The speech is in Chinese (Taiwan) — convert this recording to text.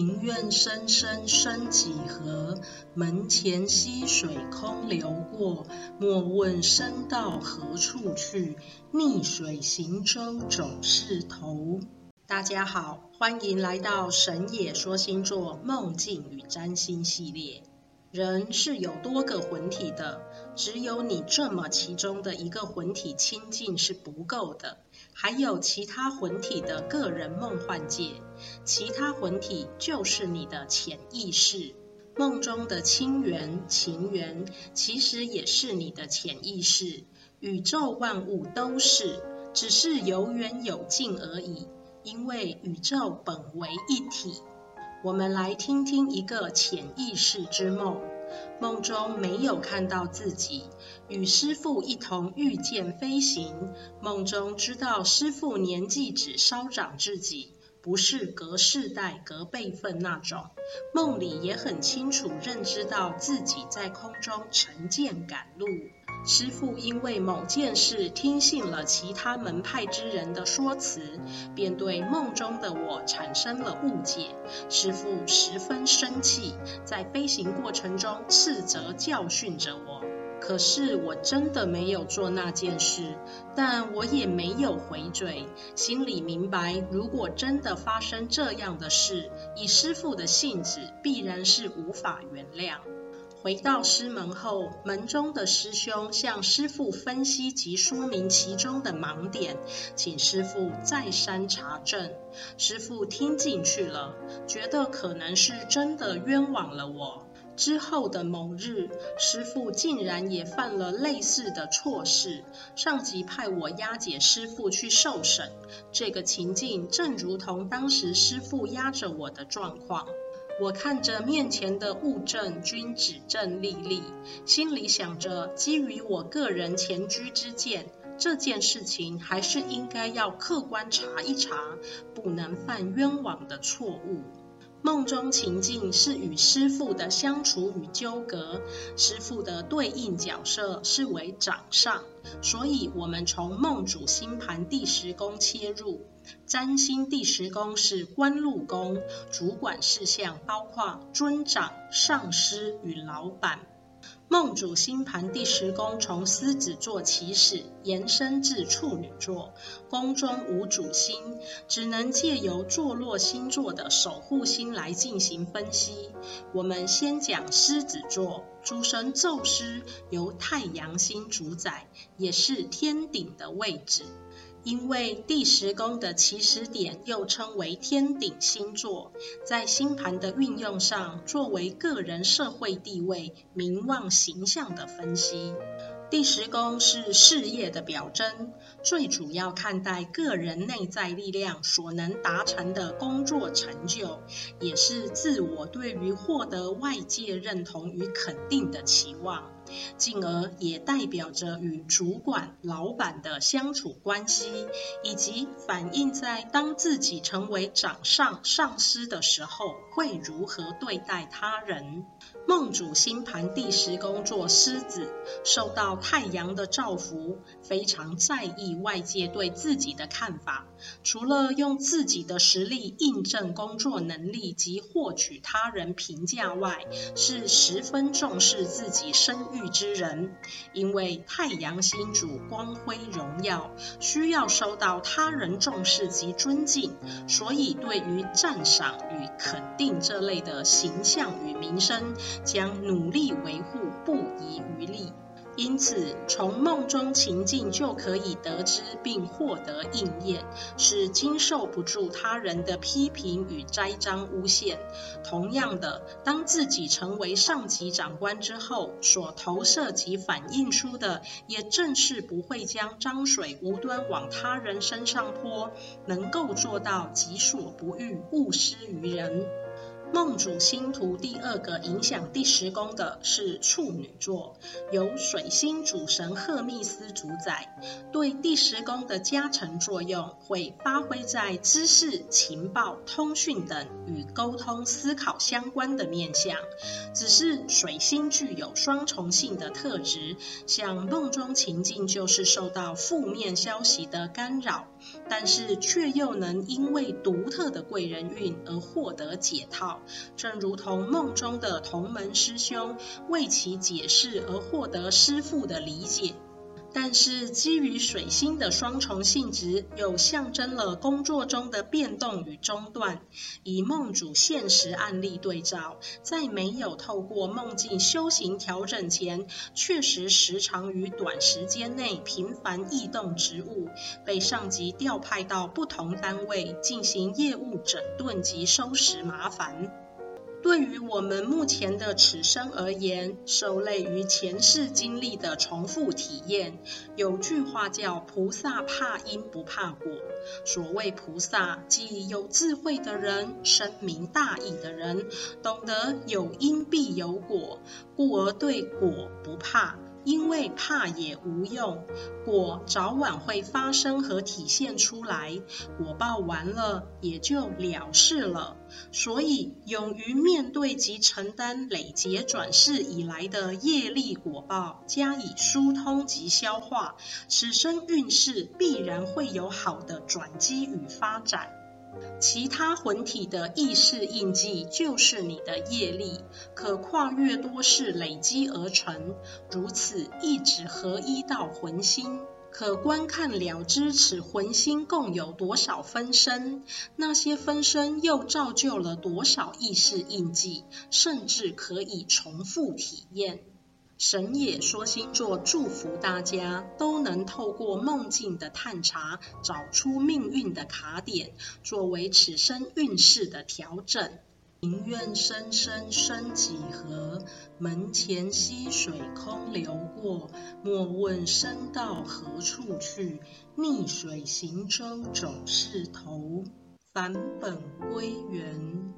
庭院深深深幾何，門前溪水空流過。莫問身到何處去，逆水行舟總是頭。大家好，歡迎來到神野說星座、夢境與占星系列。人是有多個魂體的，只有你這麼其中的一個魂體清淨是不夠的，還有其他魂體的個人夢幻界，其他魂體就是你的潛意識，夢中的親緣情緣其實也是你的潛意識，宇宙萬物都是，只是有遠有近而已，因為宇宙本為一體。我們來聽聽一個潛意識之夢，夢中沒有看到自己與師父一同御劍飛行，夢中知道師父年紀只稍長自己，不是隔世代隔輩分那種。夢裡也很清楚認知到自己在空中乘劍趕路。師父因為某件事聽信了其他門派之人的說辭，便對夢中的我產生了誤解。師父十分生氣，在飛行過程中斥責、教訓着我。可是我真的沒有做那件事，但我也沒有回嘴，心裡明白，如果真的發生這樣的事，以師父的性子，必然是無法原諒。回到師門後，門中的師兄向師父分析及說明其中的盲點，請師父再三查證。師父聽進去了，覺得可能是真的冤枉了我。之後的某日，師父竟然也犯了類似的錯事，上級派我押解師父去受審。這個情境正如同當時師父押着我的狀況。我看着面前的物證，均指證歷歷，心裡想着，基於我個人前居之見，這件事情還是應該要客觀查一查，不能犯冤枉的錯誤。夢中情境是與師父的相處與糾葛，師父的對應角色是為長上，所以我們從夢主星盤第十宮切入，占星第十宮是官祿宮，主管事項包括尊長、上司與老闆。夢主星盤第十宮從獅子座起始，延伸至處女座。宮中無主星，只能借由坐落星座的守護星來進行分析。我們先講獅子座，主神宙斯由太陽星主宰，也是天頂的位置。因為第十宮的起始點又稱為天頂星座，在星盤的運用上，作為個人社會地位、名望、形象的分析。第十宮是事業的表徵，最主要看待個人內在力量所能達成的工作成就，也是自我對於獲得外界認同與肯定的期望，進而也代表着與主管、老闆的相處關係，以及反映在當自己成為長上、上司的時候，會如何對待他人。夢主星盤第十宮坐獅子受到太陽的照拂，非常在意外界對自己的看法。除了用自己的實力印證工作能力及獲取他人評價外，是十分重視自己聲譽之人。因為太陽星主光輝榮耀，需要受到他人重視及尊敬，所以對於讚賞與肯定這類的形象與名聲，將努力維護，不遺餘力。因此，從夢中情境就可以得知並獲得應驗，是經受不住他人的批評與栽贓誣陷。同樣的，當自己成為上級長官之後，所投射及反映出的，也正是不會將髒水無端往他人身上潑，能夠做到己所不欲，勿施於人。夢主星圖第二個影響第十宮的是處女座，由水星主神赫密斯主宰，對第十宮的加成作用會發揮在知識、情報、通訊等與溝通、思考相關的面向。只是水星具有雙重性的特質，像夢中情境就是受到負面消息的干擾，但是卻又能因為獨特的貴人運而獲得解套。正如同夢中的同門師兄為其解釋而獲得師父的理解。但是，基於水星的雙重性質，又象徵了工作中的變動與中斷。以夢主現實案例對照，在沒有透過夢境修行調整前，確實時常於短時間內頻繁異動職務，被上級調派到不同單位進行業務整頓及收拾麻煩。對於我們目前的此生而言，受累於前世經歷的重複體驗。有句話叫“菩薩怕因不怕果”。所謂菩薩，即有智慧的人，深明大義的人，懂得有因必有果，故而對果不怕。因為怕也無用，果早晚會發生和體現出來，果報完了也就了事了。所以，勇於面對及承擔累劫轉世以來的業力果報，加以疏通及消化，此生運勢必然會有好的轉機與發展。其他魂體的意識印記，就是你的業力，可跨越多世累積而成。如此一直合一到魂心，可觀看了知此魂心共有多少分身，那些分身又造就了多少意識印記，甚至可以重複體驗。神野說星座祝福大家都能透過夢境的探查，找出命運的卡點，作為此生運勢的調整。庭院深深深幾何，門前溪水空流過，莫問身到何處去，逆水行舟總是頭。返本歸元。